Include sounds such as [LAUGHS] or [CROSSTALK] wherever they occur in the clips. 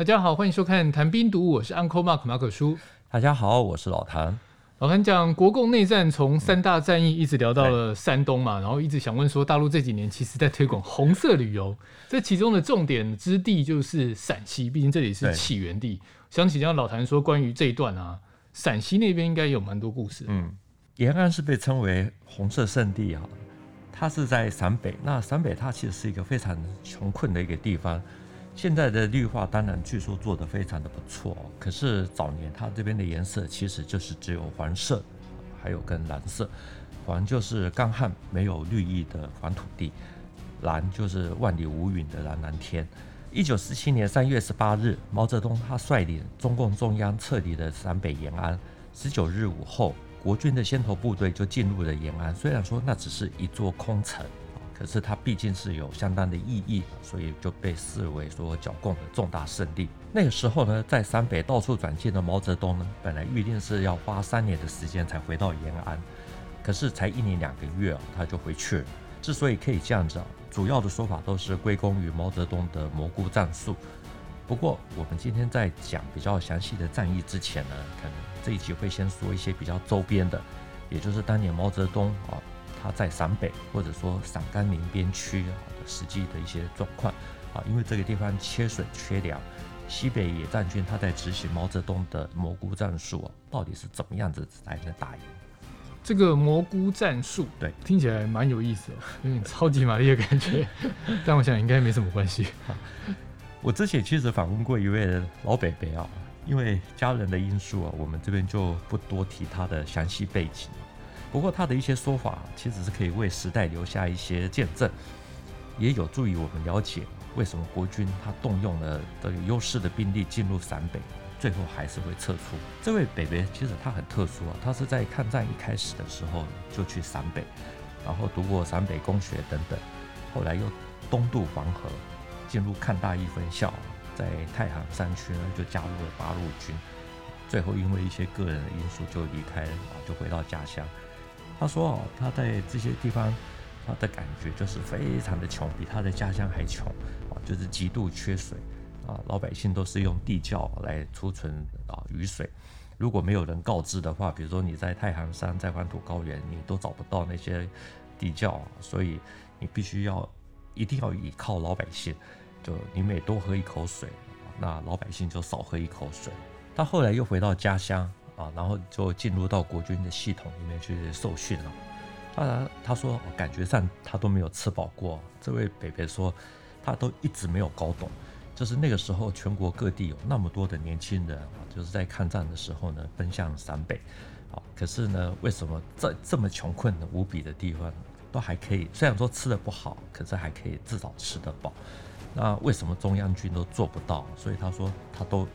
大家好，歡迎收看《談兵讀武》，我是 Uncle Mark 馬可叔。大家好，我是老譚。老譚講國共內戰從三大戰役一直聊到了山東嘛，嗯、然後一直想問說，大陸這幾年其實在推廣紅色旅遊，這其中的重點之地就是陝西，畢竟這裡是起源地。對想起像老譚說關於這一段啊，陝西那邊應該有蠻多故事。嗯，延安是被稱為紅色聖地啊，它是在陝北，那陝北它其實是一個非常窮困的一個地方。現在的綠化當然據說做得非常的不錯，可是早年它這邊的顏色其實就是只有黃色，還有跟藍色，黃就是乾旱沒有綠意的黃土地，藍就是萬里無雲的藍藍天。一九四七年三月十八日，毛澤東他率領中共中央撤離了陝北延安，十九日午後，國軍的先頭部隊就進入了延安，雖然說那只是一座空城。可是它畢竟是有相當的意義，所以就被視為說剿共的重大勝利。那個時候呢，在陝北到處轉進的毛澤東呢，本來預定是要花三年的時間才回到延安，可是才一年兩個月啊，他就回去了。之所以可以這樣子啊，主要的說法都是歸功於毛澤東的蘑菇戰術。不過，我們今天在講比較詳細的戰役之前呢，可能這一集會先說一些比較周邊的，也就是當年毛澤東啊。他在陝北，或者說陝甘寧邊區的、啊、實際的一些狀況啊，因為這個地方缺水缺糧，西北野戰軍他在執行毛澤東的蘑菇戰術啊，到底是怎麼樣子才能打贏？這個蘑菇戰術，對，聽起來蠻有意思哦，嗯，超級瑪麗的感覺， [LAUGHS] 但我想應該沒什麼關係。 [LAUGHS] 我之前其實訪問過一位老伯伯啊，因為家人的因素啊，我們這邊就不多提他的詳細背景。不過他的一些說法，其實是可以為時代留下一些見證，也有助於我們了解為什麼國軍他動用了這個優勢的兵力進入陝北，最後還是會撤出。這位伯伯其實他很特殊啊，他是在抗戰一開始的時候就去陝北，然後讀過陝北公學等等，後來又東渡黃河，進入抗大一分校，在太行山區呢就加入了八路軍，最後因為一些個人的因素就離開了，就回到家鄉。他說：“哦，他在這些地方，他的感覺就是非常的窮，比他的家鄉還窮啊，就是極度缺水啊，老百姓都是用地窖來儲存啊雨水。如果沒有人告知的話，比如說你在太行山，在黃土高原，你都找不到那些地窖，所以你必須要一定要依靠老百姓。就你每多喝一口水，那老百姓就少喝一口水。”他後來又回到家鄉。啊，然後就進入到國軍的系統裡面去受訓了。當然他說感覺上他都沒有吃飽過。這位伯伯說，他都一直沒有搞懂，就是那個時候全國各地有那麼多的年輕人啊，就是在抗戰的時候呢，奔向陝北。可是呢，為什麼在這麼窮困的無比的地方，都還可以？雖然說吃的不好，可是還可以至少吃得飽。那為什麼中央軍都做不到？所以他說他都。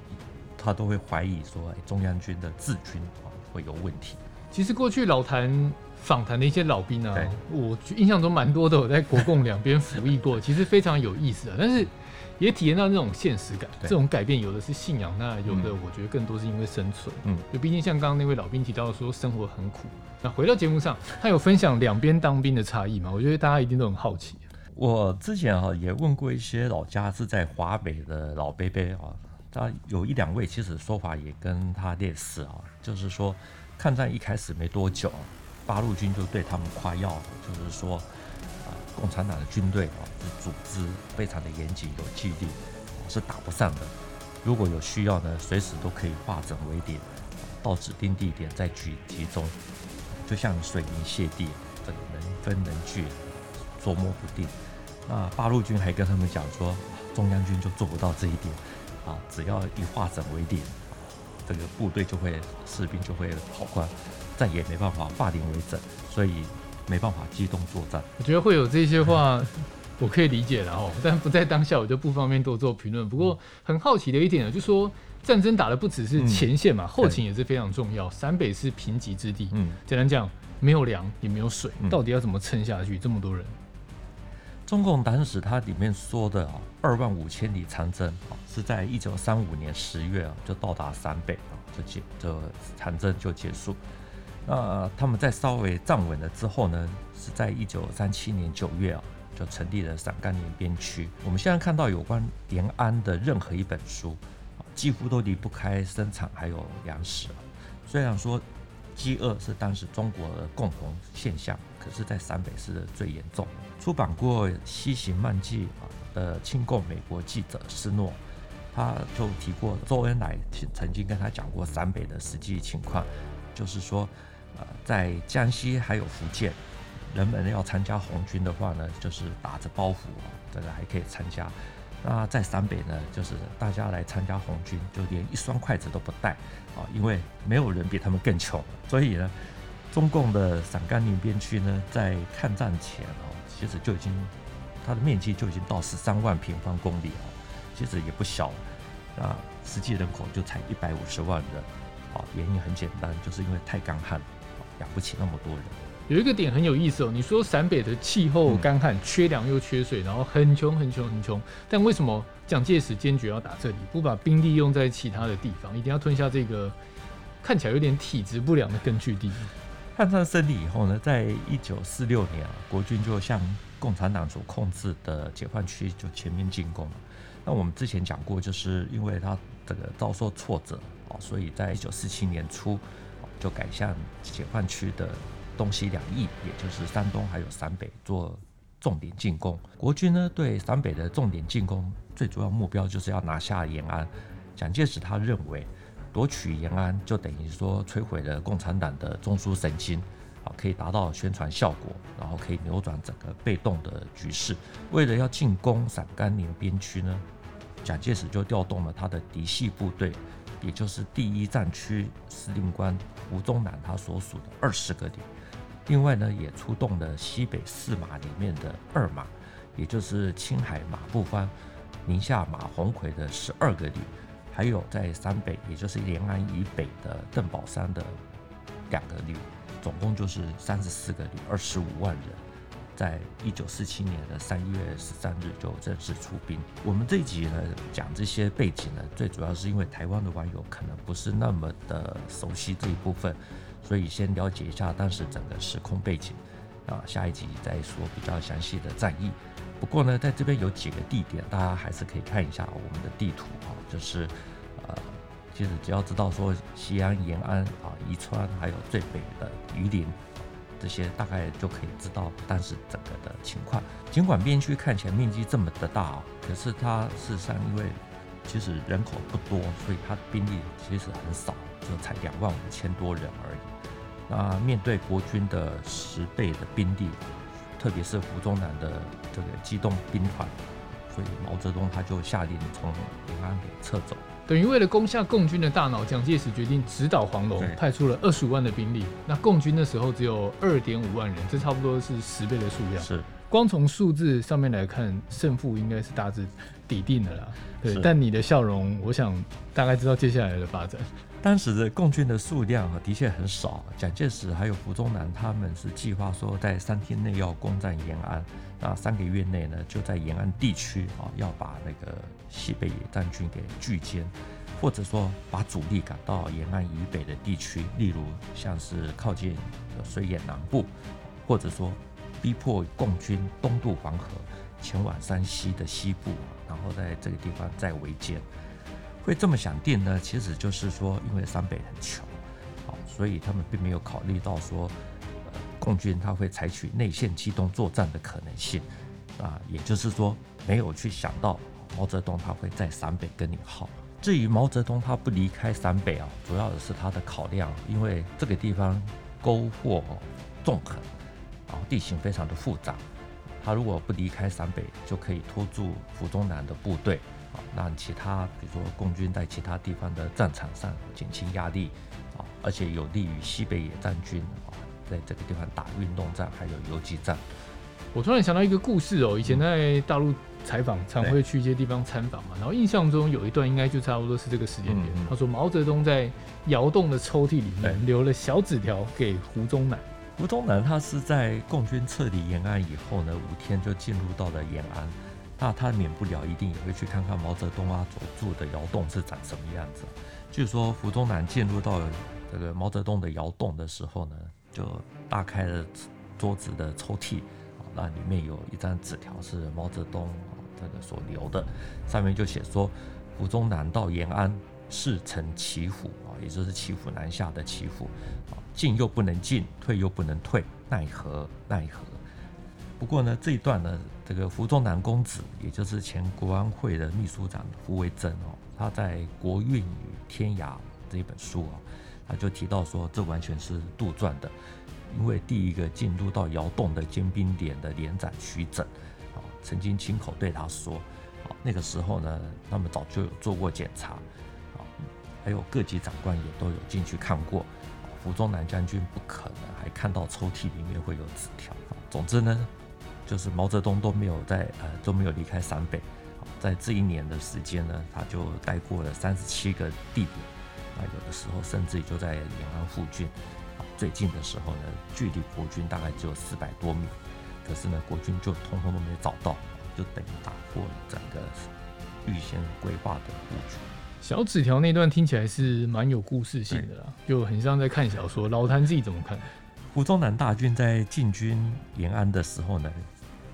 他都會懷疑說、哎、中央軍的治軍、啊、會有問題。其實過去老譚訪談的一些老兵呢、啊，對我印象中蠻多都有在國共兩邊服役過， [LAUGHS] 的其實非常有意思啊。但是也體驗到那種現實感，對這種改變有的是信仰，那有的我覺得更多是因為生存。嗯，就畢竟像剛剛那位老兵提到的說生活很苦。嗯、那回到節目上，他有分享兩邊當兵的差異嗎？我覺得大家一定都很好奇。我之前哈、啊、也問過一些老家是在華北的老伯伯。啊。那有一兩位其實說法也跟他類似啊，就是說抗戰一開始沒多久、啊，八路軍就對他們誇耀，就是說啊共產黨的軍隊啊，是組織非常的嚴謹有紀律、啊，是打不散的。如果有需要呢，隨時都可以化整為零、啊，到指定地點再去集中、啊，就像水銀瀉地，能分能聚，捉摸不定。那八路軍還跟他們講說，中央軍就做不到這一點。啊，只要一化整為零，這個部隊就會士兵就會跑快，再也沒辦法化零為整，所以沒辦法機動作戰。我覺得會有這些話， [LAUGHS] 我可以理解然後、喔、但不在當下，我就不方便多做評論。不過很好奇的一點呢，就說戰爭打的不只是前線嘛，嗯、後勤也是非常重要。陝對北是貧瘠之地，嗯，簡單講，沒有糧也沒有水，到底要怎麼撐下去？這麼多人？中共黨史它裡面說的啊，二萬五千里長征啊，是在一九三五年十月啊就到達陝北啊，就結這長征就結束。那他們在稍微站穩了之後呢，是在一九三七年九月啊就成立了陝甘寧邊區。我們現在看到有關延安的任何一本書啊，幾乎都離不開生產還有糧食。雖然說飢餓是當時中國的共同現象。可是，在陝北是最嚴重。出版過《西行漫記》的親共美國記者斯諾，他就提過，周恩來曾經跟他講過陝北的實際情況，就是說，在江西還有福建，人們要參加紅軍的話呢，就是打着包袱，這個還可以參加；那在陝北呢，就是大家來參加紅軍，就連一雙筷子都不帶，啊，因為沒有人比他們更窮，所以呢。中共的陝甘寧邊區呢，在抗戰前哦、喔，其實就已經它的面積就已經到十三萬平方公里，喔，其實也不小，啊，實際人口就才一百五十萬人，啊、喔，原因很簡單，就是因為太乾旱，養、喔、不起那麼多人。有一個點很有意思哦、喔，你說陝北的氣候乾旱，嗯、缺糧又缺水，然後很窮很窮很窮，但為什麼蔣介石堅決要打這裡，不把兵力用在其他的地方，一定要吞下這個看起來有點體質不良的根據地？抗戰勝利以後呢，在一九四六年啊，國軍就向共產黨所控制的解放區就全面進攻了。那我們之前講過，就是因為他這個遭受挫折啊，所以在一九四七年初就改向解放區的東西兩翼，也就是山東還有陝北做重點進攻。國軍呢，對陝北的重點進攻，最主要目標就是要拿下延安。蔣介石他認為。奪取延安就等於說摧毀了共產黨的中樞神經啊，可以達到宣傳效果，然後可以扭轉整個被動的局勢。為了要進攻陝甘寧邊區呢，蔣介石就調動了他的嫡系部隊，也就是第一戰區司令官胡宗南他所屬的二十個旅，另外呢也出動了西北四馬裡面的二馬，也就是青海馬步芳、寧夏馬鴻逵的十二個旅，還有在陝北，也就是延安以北的鄧寶山的兩個旅，總共就是三十四個旅，二十五萬人，在一九四七年的三月十三日就正式出兵。我們這一集呢講這些背景呢，最主要是因為臺灣的網友可能不是那麼的熟悉這一部分，所以先了解一下當時整個時空背景，啊，下一集再說比較詳細的戰役。不過呢，在這邊有幾個地點，大家還是可以看一下我們的地圖啊，就是呃，其實只要知道說西安、延安啊、宜川，還有最北的榆林，這些大概就可以知道當時整個的情況。儘管邊區看起來面積這麼的大，可是它事實上因為其實人口不多，所以它的兵力其實很少，就才兩萬五千多人而已。那面對國軍的十倍的兵力。特別是胡宗南的這個機動兵團，所以毛澤東他就下令從延安給撤走，等於為了攻下共軍的大腦，蔣介石決定直搗黃龍，是派出了二十五萬的兵力。那共軍那的時候只有二點五萬人，這差不多是十倍的數量。是，光從數字上面來看，勝負應該是大致底定的啦。對，是但你的笑容，我想大概知道接下來的發展。當時的共軍的數量啊，的確很少。蔣介石還有胡宗南，他們是計劃說在三天內要攻占延安，那三個月內呢，就在延安地區啊，要把那個西北野戰軍給聚殲，或者說把主力趕到延安以北的地區，例如像是靠近綏遠南部，或者說逼迫共軍東渡黃河，前往山西的西部，然後在這個地方再圍殲。會這麼想定呢？其實就是說，因為陝北很窮，好、哦，所以他們並沒有考慮到說，呃，共軍他會採取內線機動作戰的可能性，啊，也就是說，沒有去想到毛澤東他會在陝北跟你耗。至於毛澤東他不離開陝北啊，主要的是他的考量，因為這個地方溝壑縱橫，啊，地形非常的複雜，他如果不離開陝北，就可以拖住胡宗南的部隊。讓其他，比如說共軍在其他地方的戰場上減輕壓力，啊，而且有利於西北野戰軍啊，在這個地方打運動戰，還有游擊戰。我突然想到一個故事哦，以前在大陸採訪，常會去一些地方參訪嘛，對然後印象中有一段應該就差不多是這個時間點。嗯嗯，他說毛澤東在窯洞的抽屜裡面留了小紙條給胡宗南。胡宗南他是在共軍撤離延安以後呢，五天就進入到了延安。那他免不了一定也會去看看毛澤東啊，所住的窯洞是長什麼樣子。據說胡宗南進入到這個毛澤東的窯洞的時候呢，就大開了桌子的抽屜，那裡面有一張紙條是毛澤東這個所留的，上面就寫說，胡宗南到延安勢成騎虎啊，也就是騎虎難下的騎虎啊，進又不能進，退又不能退，奈何奈何。不過呢，這一段呢，這個胡宗南公子，也就是前國安會的秘書長胡為真哦，他在《國運與天涯》這一本書啊、哦，他就提到說，這完全是杜撰的，因為第一個進入到窯洞的尖兵連的連長徐枕啊、哦，曾經親口對他說、哦，那個時候呢，他們早就有做過檢查啊、哦，還有各級長官也都有進去看過，啊、哦。’胡宗南將軍不可能還看到抽屜裡面會有紙條啊、哦。總之呢。就是毛澤東都沒有在，呃，都沒有離開陝北，哦，在這一年的時間呢，他就待過了三十七個地點，那有的時候甚至也就在延安附近，啊，最近的時候呢，距離國軍大概只有四百多米，可是呢，國軍就通通都沒有找到，就等於打破了整個預先規劃的布局。小紙條那段聽起來是蠻有故事性的啦，對就很像在看小說。老譚自己怎麼看？胡宗南大軍在進軍延安的時候呢？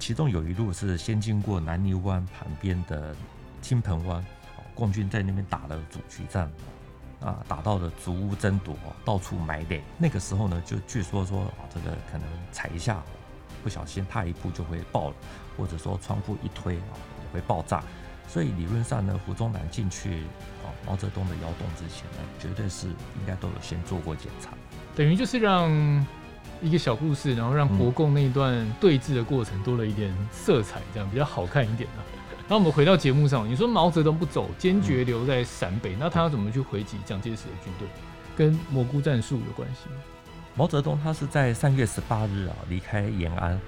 其中有一路是先經過南泥灣旁邊的金盆灣，共軍在那邊打了阻擊戰，啊，打到了逐屋爭奪，到處埋雷。那個時候呢，就據說說，這個可能踩一下，不小心踏一步就會爆了，或者說窗戶一推啊也會爆炸。所以理論上呢，胡宗南進去毛澤東的窯洞之前呢，絕對是應該都有先做過檢查，等於就是讓。一個小故事，然後讓國共那一段對峙的過程多了一點色彩，這樣、嗯、比較好看一點。那、啊、我們回到節目上，你說毛澤東不走，堅決留在陝北，嗯、那他要怎麼去回擊蔣介石的軍隊？跟蘑菇戰術有關係嗎？毛澤東他是在三月十八日啊、哦、離開延安，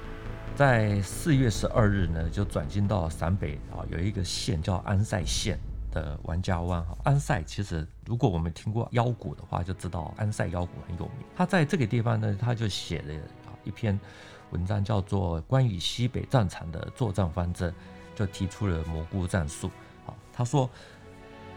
在四月十二日呢就轉進到陝北啊、哦，有一個縣叫安塞縣的王家灣哈、哦，安塞其實。如果我們聽過腰鼓的話，就知道安塞腰鼓很有名。他在這個地方呢，他就寫了啊一篇文章，叫做《關於西北戰場的作戰方針》，就提出了蘑菇戰術啊。他說，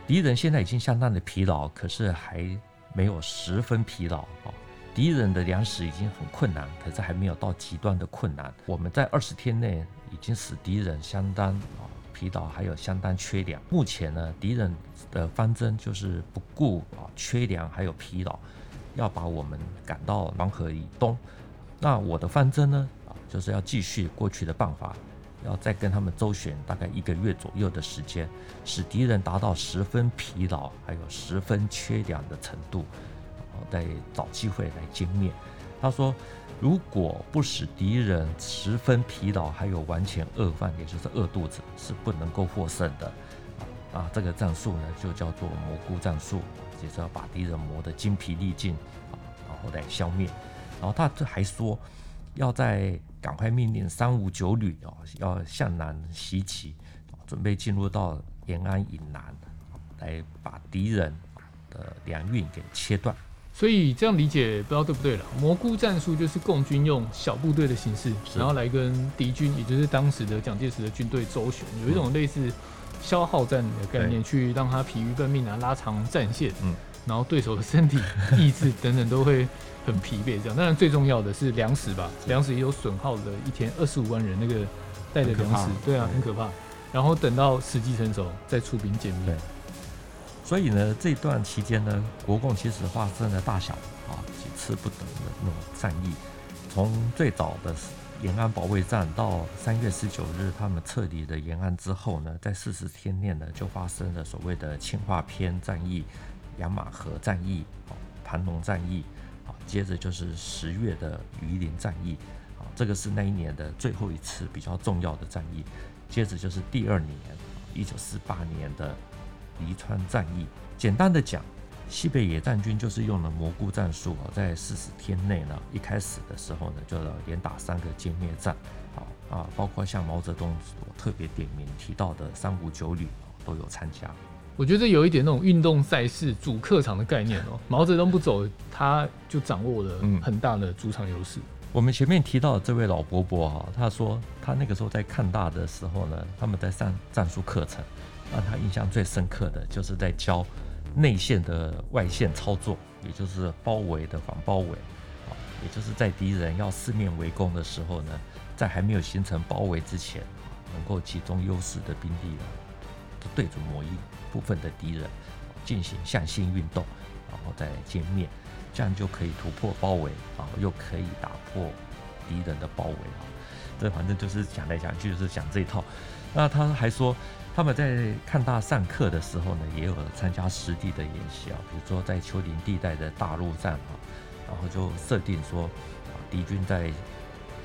敵人現在已經相當的疲勞，可是還沒有十分疲勞啊。敵人的糧食已經很困難，可是還沒有到極端的困難。我們在二十天內已經使敵人相當。疲勞，還有相當缺糧。目前呢，敵人的方針就是不顧啊缺糧還有疲勞，要把我們趕到黃河以東。那我的方針呢，啊就是要繼續過去的辦法，要再跟他們周旋大概一個月左右的時間，使敵人達到十分疲勞還有十分缺糧的程度，再找機會來殲滅。他說。如果不使敵人十分疲勞，還有完全餓飯，也就是餓肚子，是不能夠獲勝的啊！這個戰術呢，就叫做蘑菇戰術，也就是要把敵人磨得精疲力盡啊，然後再消滅。然後他這還說，要在趕快命令三五九旅啊，要向南襲擊，準備進入到延安以南，來把敵人的糧運給切斷。所以這樣理解不知道對不對了。蘑菇戰術就是共軍用小部隊的形式，是然後來跟敵軍，也就是當時的蔣介石的軍隊周旋，有一種類似消耗戰的概念，嗯、去讓他疲於奔命啊，拉長戰線，嗯，然後對手的身體、意志等等都會很疲憊。這樣，當然最重要的是糧食吧，糧是食也有損耗的。一天二十五萬人那個帶的糧食，對啊，很可怕。嗯、然後等到時機成熟再出兵殲滅。所以呢，這段期間呢，國共其實發生了大小啊幾次不等的那種戰役。從最早的延安保衛戰到，到三月十九日他們撤離的延安之後呢，在四十天內呢，就發生了所謂的青化砭戰役、羊馬河戰役、盤龍戰役。啊，接着就是十月的榆林戰役。啊，這個是那一年的最後一次比較重要的戰役。接着就是第二年，一九四八年的。黎川戰役，簡單的講，西北野戰軍就是用了蘑菇戰術啊，在四十天內呢，一開始的時候呢，就要連打三個殲滅戰，啊，包括像毛澤東特別點名提到的三五九旅都有參加。我覺得有一點那種運動賽事主客場的概念哦，毛澤東不走，他就掌握了很大的主場優勢。嗯。我們前面提到的這位老伯伯，他說他那個時候在抗大的時候呢，他們在上戰術課程。讓他印象最深刻的就是在教內線的外線操作，也就是包圍的反包圍，啊，也就是在敵人要四面圍攻的時候呢，在還沒有形成包圍之前，能夠集中優勢的兵力呢，對準某一部分的敵人進行向心運動，然後再殲滅，這樣就可以突破包圍啊，又可以打破敵人的包圍啊。這反正就是講來講去就是講這一套。那他還說，他們在抗大上課的時候呢，也有參加實地的演習啊，比如說在丘陵地帶的大路上啊，然後就設定說，啊，敵軍在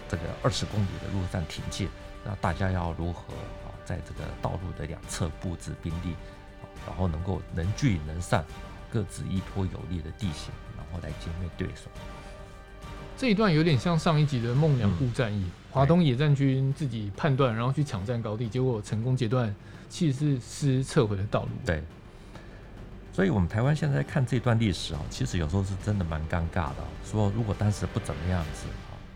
這個二十公里的路上挺進，那大家要如何啊，在這個道路的兩側布置兵力，然後能夠能聚能散，各自依托有利的地形，然後來殲滅對手。這一段有點像上一集的孟良崮戰役，華東野戰軍自己判斷，然後去搶占高地，結果成功截斷七十四師撤回的道路。對，所以我們台灣現在看這段歷史啊，其實有時候是真的蠻尷尬的。說如果當時不怎麼樣子，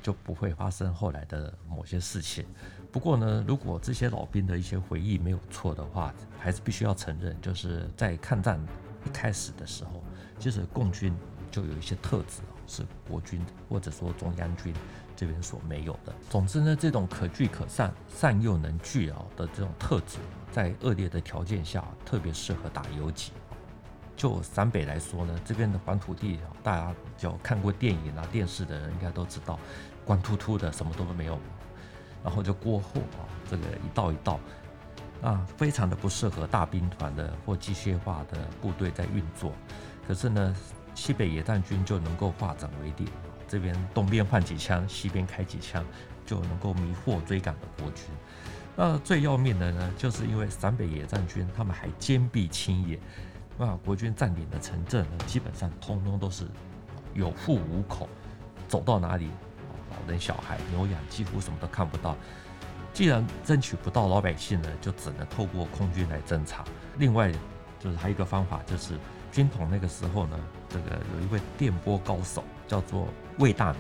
就不會發生後來的某些事情。不過呢，如果這些老兵的一些回憶沒有錯的話，還是必須要承認，就是在抗戰一開始的時候，其實共軍就有一些特質。是國軍的，或者說中央軍這邊所沒有的。總之呢，這種可聚可散、散又能聚啊的這種特質，在惡劣的條件下，特別適合打游擊。就陝北來說呢，這邊的黃土地，大家只要看過電影啊、電視的人，應該都知道，光禿禿的，什麼都沒有，然後就溝壑啊，這個一道一道，啊，非常的不適合大兵團的或機械化的部隊在運作。可是呢，西北野戰軍就能夠化整為零，這邊東邊換幾槍，西邊開幾槍，就能夠迷惑追趕的國軍。那最要命的呢，就是因為陝北野戰軍他們還堅壁清野，那國軍占領的城鎮呢，基本上通通都是有戶無口，走到哪裡，老人小孩、牛羊幾乎什麼都看不到。既然爭取不到老百姓呢，就只能透過空軍來偵察。另外，就是還有一個方法，就是。軍統那個時候呢，這個有一位電波高手叫做魏大銘，啊、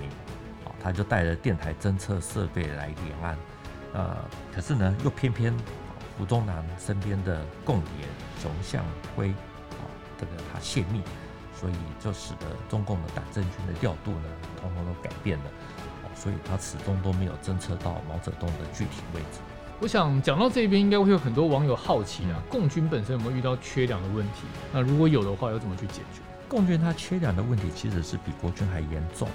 哦，他就帶着電台偵測設備來延安，呃，可是呢，又偏偏胡宗、哦、南身邊的共諜熊向暉，啊、哦，這個他泄密，所以就使得中共的黨政軍的調度呢，統統都改變了、哦，所以他始終都沒有偵測到毛澤東的具體位置。我想講到這邊，應該會有很多網友好奇呢，共軍本身有沒有遇到缺糧的問題？那如果有的話，要怎麼去解決？共軍它缺糧的問題其實是比國軍還嚴重。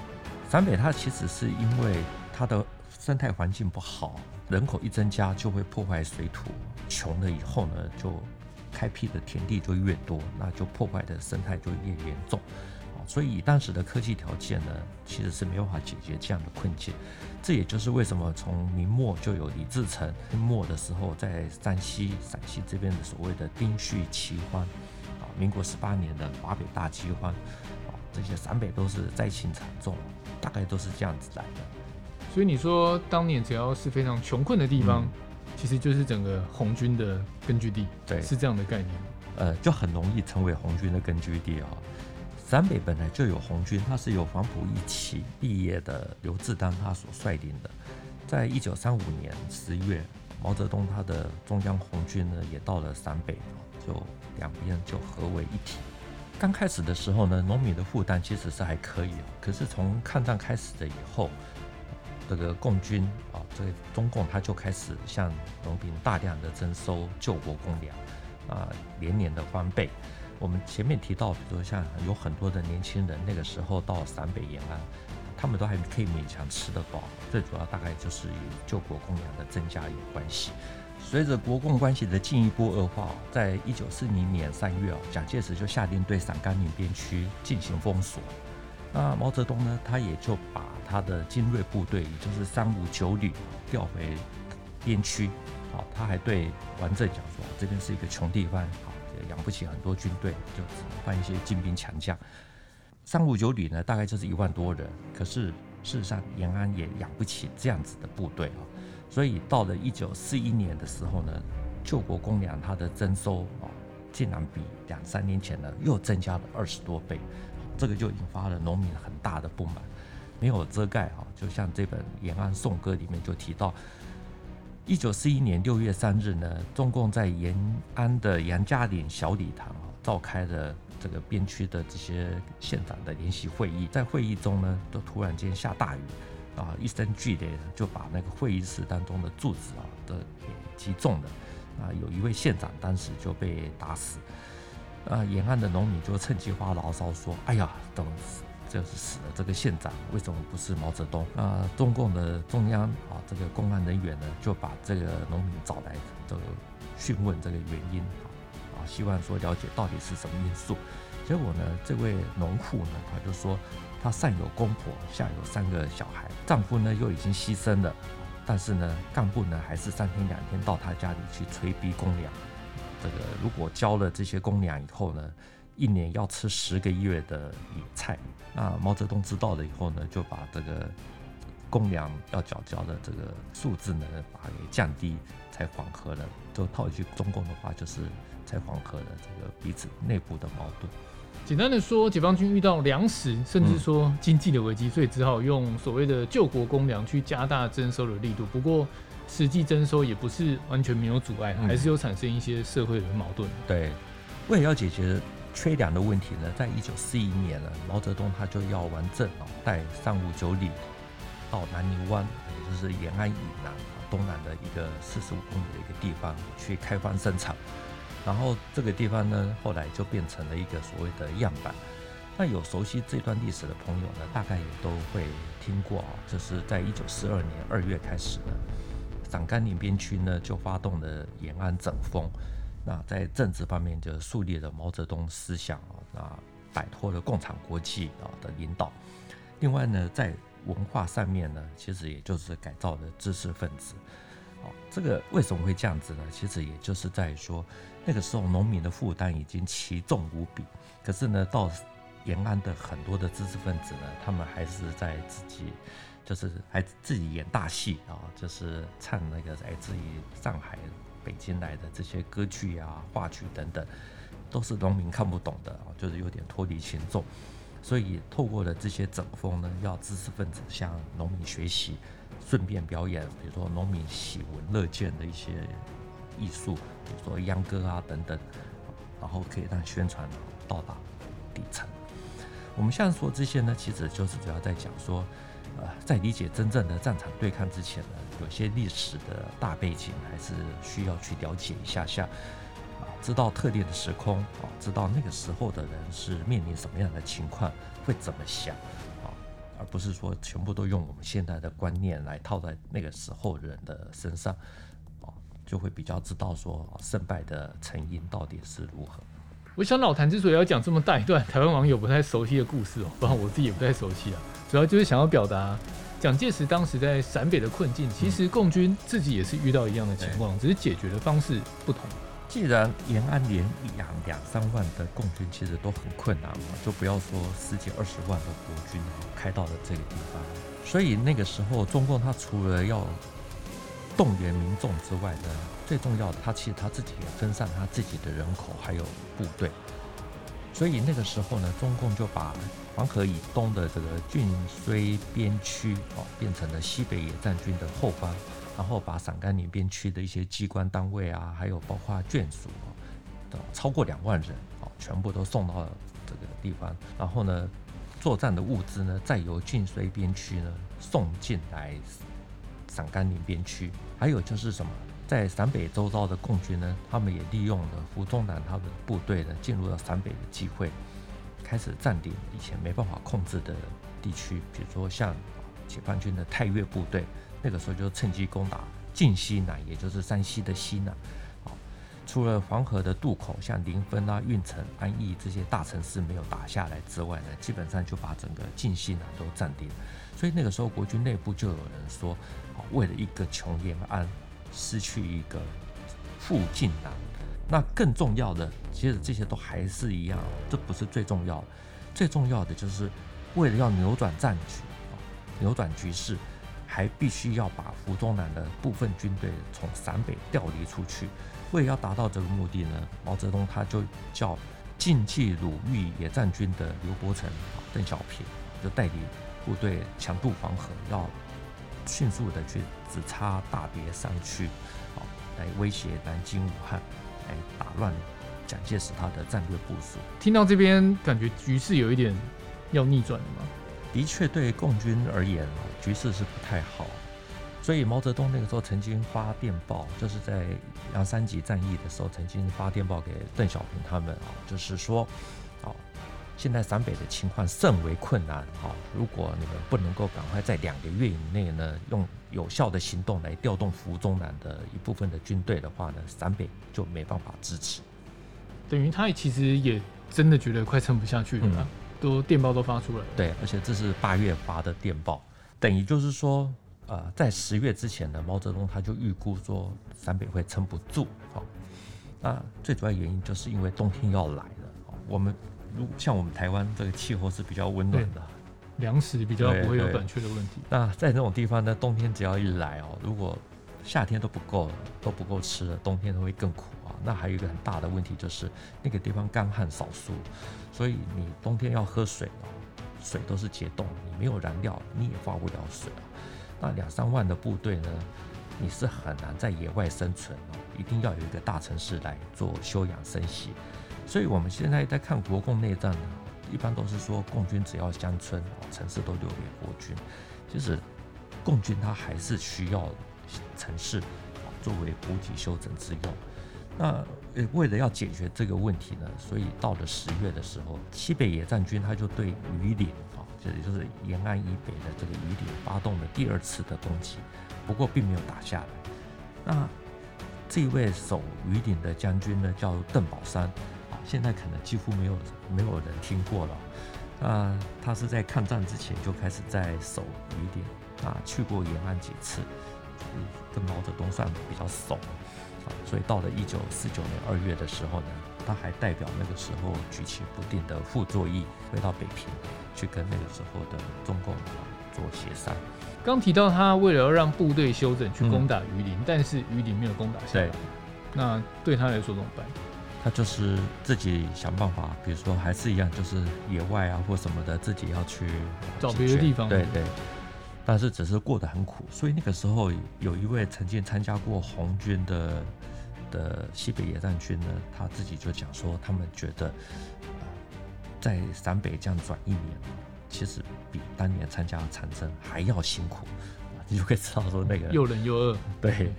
陝北它其實是因為它的生態環境不好，人口一增加就會破壞水土，窮了以後呢，就開闢的田地就越多，那就破壞的生態就越嚴重。所以當時的科技條件呢，其實是沒有辦法解決這樣的困境。這也就是為什麼從明末就有李自成，明末的時候在山西、陝西這邊的所謂的丁戊奇荒啊，民國十八年的華北大饑荒，啊，這些陝北都是災情慘重，大概都是這樣子來的。所以你說，當年只要是非常窮困的地方，嗯、其實就是整個紅軍的根據地，對，是這樣的概念。呃，就很容易成為紅軍的根據地啊。陝北本來就有紅軍，他是由黃埔一期畢業的劉志丹他所率領的。在一九三五年十月，毛澤東他的中央紅軍呢也到了陝北，就兩邊就合為一體。剛開始的時候呢，農民的負擔其實是還可以，可是從抗戰開始的以後，這個共軍啊，這個、中共他就開始向農民大量的徵收救國公糧，啊，連年的翻倍。我們前面提到比如說，像有很多的年輕人，那個時候到陝北延安，他們都還可以勉強吃得飽，最主要大概就是與救國公糧的增加有關係。隨着國共關係的進一步惡化，在一九四零年三月啊，蔣介石就下令對陝甘寧邊區進行封鎖。那毛澤東呢，他也就把他的精銳部隊，也就是三五九旅調回邊區。啊，他還對王震講說，這邊是一個窮地方。養不起很多軍隊，就只能換一些精兵強將。三五九旅呢，大概就是一萬多人。可是事實上，延安也養不起這樣子的部隊啊。所以到了一九四一年的時候呢，救國公糧它的徵收啊，竟然比兩三年前呢又增加了二十多倍。這個就引發了農民很大的不滿，沒有遮蓋啊。就像這本《延安頌歌》裡面就提到。一九四一年六月三日呢，中共在延安的楊家嶺小禮堂啊、哦，召開了這個邊區的這些縣長的聯席會議。在會議中呢，都突然間下大雨，啊，一聲巨雷，就把那個會議室當中的柱子啊都給擊中了，啊，有一位縣長當時就被打死。啊，延安的農民就趁機發牢騷說：“哎呀，都死。就是死了這個縣長，為什麼不是毛澤東？啊，中共的中央啊，這個公安人員呢，就把這個農民找來，這個詢問這個原因啊，啊，希望說了解到底是什麼因素。結果呢，這位農戶呢，他就說他上有公婆，下有三個小孩，丈夫呢又已經犧牲了，但是呢，幹部呢還是三天兩天到他家裡去催逼公糧，這個如果交了這些公糧以後呢，一年要吃十個月的野菜，那毛澤東知道了以後呢，就把這個公糧要繳交的這個數字呢，把它給降低，才緩和了。就套一句中共的話，就是才緩和了這個彼此內部的矛盾。簡單的說，解放軍遇到糧食甚至說經濟的危機，嗯、所以只好用所謂的救國公糧去加大徵收的力度。不過，實際徵收也不是完全沒有阻礙，還是有產生一些社會的矛盾。嗯、對，為了要解決。缺糧的問題呢，在一九四一年呢，毛澤東他就要王震哦，帶三五九旅到南泥灣，也就是延安以南、啊、東南的一個四十五公里的一個地方去開荒生產。然後這個地方呢，後來就變成了一個所謂的樣板。那有熟悉這段歷史的朋友呢，大概也都會聽過啊、哦，就是在一九四二年二月開始呢，陝甘寧邊區呢就發動了延安整風。那在政治方面就樹立了毛澤東思想啊、哦，那擺脫了共產國際啊、哦、的領導。另外呢，在文化上面呢，其實也就是改造了知識分子。啊、哦。這個為什麼會這樣子呢？其實也就是在說，那個時候農民的負擔已經奇重無比。可是呢，到延安的很多的知識分子呢，他們還是在自己，就是還自己演大戲啊、哦，就是唱那個來自於上海。北京來的這些歌劇啊、話劇等等，都是農民看不懂的啊，就是有點脫離群眾。所以，透過了這些整風呢，要知識分子向農民學習，順便表演，比如說農民喜聞樂見的一些藝術，比如說秧歌啊等等，然後可以讓宣傳到達底層。我們現在說這些呢，其實就是主要在講說。在理解真正的戰場對抗之前呢，有些歷史的大背景還是需要去了解一下下，啊，知道特定的時空啊，知道那個時候的人是面臨什麼樣的情況，會怎麼想，啊，而不是說全部都用我們現在的觀念來套在那個時候人的身上，啊，就會比較知道說勝敗的成因到底是如何。我想老譚之所以要講這麼大一段台灣網友不太熟悉的故事哦、喔，不然我自己也不太熟悉啊，主要就是想要表達，蔣介石當時在陝北的困境，其實共軍自己也是遇到一樣的情況，嗯、只是解決的方式不同。既然延安連養兩三萬的共軍其實都很困難嘛，就不要說十幾二十萬的國軍開到了這個地方，所以那個時候中共他除了要動員民眾之外呢，最重要的，他其實他自己也分散他自己的人口，還有部隊。所以那個時候呢，中共就把黃河以東的這個晉綏邊區哦，變成了西北野戰軍的後方，然後把陝甘寧邊區的一些機關單位啊，還有包括眷屬啊，等超過兩萬人哦，全部都送到了這個地方。然後呢，作戰的物資呢，再由晉綏邊區呢送進來陝甘寧邊區。還有就是什麼，在陝北周遭的共軍呢，他們也利用了胡宗南他們的部隊呢，進入了陝北的機會，開始占領以前沒辦法控制的地區，比如說像解放軍的太岳部隊，那個時候就趁機攻打晉西南，也就是山西的西南，除了黃河的渡口，像臨汾啊、運城、安邑這些大城市沒有打下來之外呢，基本上就把整個晉西南都佔領了。所以那個時候國軍內部就有人說：“為了一個窮延安，失去一個富晉南。”那更重要的，其實這些都還是一樣，這不是最重要的。最重要的就是為了要扭轉戰局，扭轉局勢，還必須要把胡宗南的部分軍隊從陝北調離出去。為要達到這個目的呢，毛澤東他就叫晉冀魯豫野戰軍的劉伯承、哦、鄧小平就帶領部隊強渡黃河，要迅速的去直插大別山區，啊、哦，來威脅南京、武漢，來打亂蔣介石他的戰略部署。聽到這邊，感覺局勢有一點要逆轉了嗎？的確，對共軍而言，局勢是不太好。所以毛澤東那個時候曾經發電報，就是在羊山集戰役的時候，曾經發電報給鄧小平他們啊，就是說，哦，現在陝北的情況甚為困難啊，如果你們不能夠趕快在兩個月以內呢，用有效的行動來調動胡宗南的一部分的軍隊的話呢，陝北就沒辦法支持。等於他也其實也真的覺得快撐不下去了，嗯、都電報都發出了。對，而且這是八月發的電報，等於就是說。呃，在十月之前呢，毛澤東他就預估說陝北會撐不住。好、哦，那最主要原因就是因為冬天要來了、哦、我們如像我們台灣這個氣候是比較溫暖的，糧食比較不會有短缺的問題對對對。那在這種地方呢，冬天只要一來哦，如果夏天都不夠，都不夠吃了，冬天都會更苦啊。那還有一個很大的問題就是那個地方乾旱少樹，所以你冬天要喝水哦，水都是結凍，你沒有燃料，你也化不了水了那兩三萬的部隊呢，你是很難在野外生存哦，一定要有一個大城市來做休養生息。所以我們現在在看國共內戰，一般都是說共軍只要鄉村，城市都留給國軍。其實共軍他還是需要城市作為補給、休整之用。那為了要解決這個問題呢，所以到了十月的時候，西北野戰軍他就對榆林啊。這也就是延安以北的這個榆林發動的第二次的攻擊，不過並沒有打下來。那這一位守榆林的將軍呢，叫鄧寶山啊，現在可能幾乎沒有沒有人聽過了。那他是在抗戰之前就開始在守榆林，啊，去過延安幾次，跟毛澤東算比較熟。所以到了一九四九年二月的時候呢，他還代表那個時候舉棋不定的傅作義回到北平，去跟那個時候的中共、啊、做協商。剛提到他為了要讓部隊休整，去攻打榆林，嗯、但是榆林沒有攻打下來。對那對他來說怎麼辦？他就是自己想辦法，比如說還是一樣，就是野外啊或什麼的，自己要去找權別的地方。對對。對對但是只是過得很苦，所以那個時候有一位曾經參加過紅軍的的西北野戰軍呢，他自己就講說，他們覺得，呃，在陝北這樣轉一年，其實比當年參加長征還要辛苦，你就會知道說那個又冷又餓。對。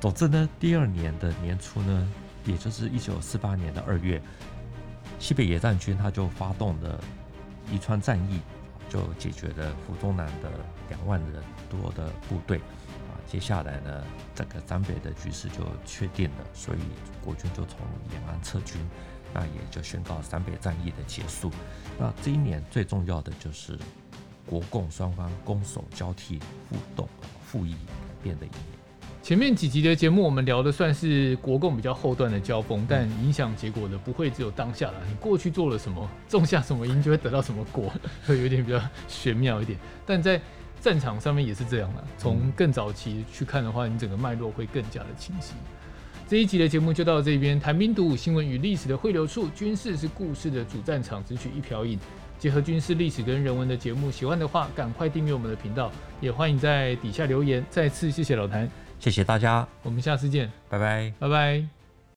總之呢，第二年的年初呢，也就是一九四八年的二月，西北野戰軍他就發動了宜川戰役。就解決了胡宗南的兩萬人多的部隊啊，接下來呢，整個陝北的局勢就確定了，所以國軍就從延安撤軍，那也就宣告陝北戰役的結束。那這一年最重要的就是國共雙方攻守交替互動，互易變得一年。前面幾集的節目，我們聊的算是國共比較後段的交鋒，但影響結果的不會只有當下了。你過去做了什麼，種下什麼因，就會得到什麼果，會有點比較玄妙一點。但在戰場上面也是這樣了。從更早期去看的話，你整個脈絡會更加的清晰。這一集的節目就到這邊，譚兵讀武，新聞與歷史的匯流處，軍事是故事的主戰場，只取一瓢飲，結合軍事歷史跟人文的節目，喜歡的話趕快訂閱我們的頻道，也歡迎在底下留言。再次謝謝老譚。謝謝大家，我們下次見，拜拜，拜拜。